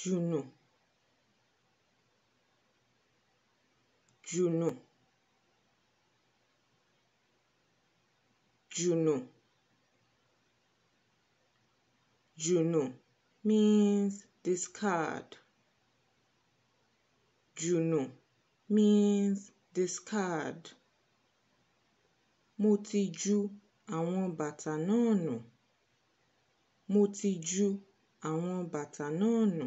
Juno Juno Juno Juno means discard Juno means discard mo ti ju àwọn bàtà náà nù mo ti ju àwọn bàtà náà nù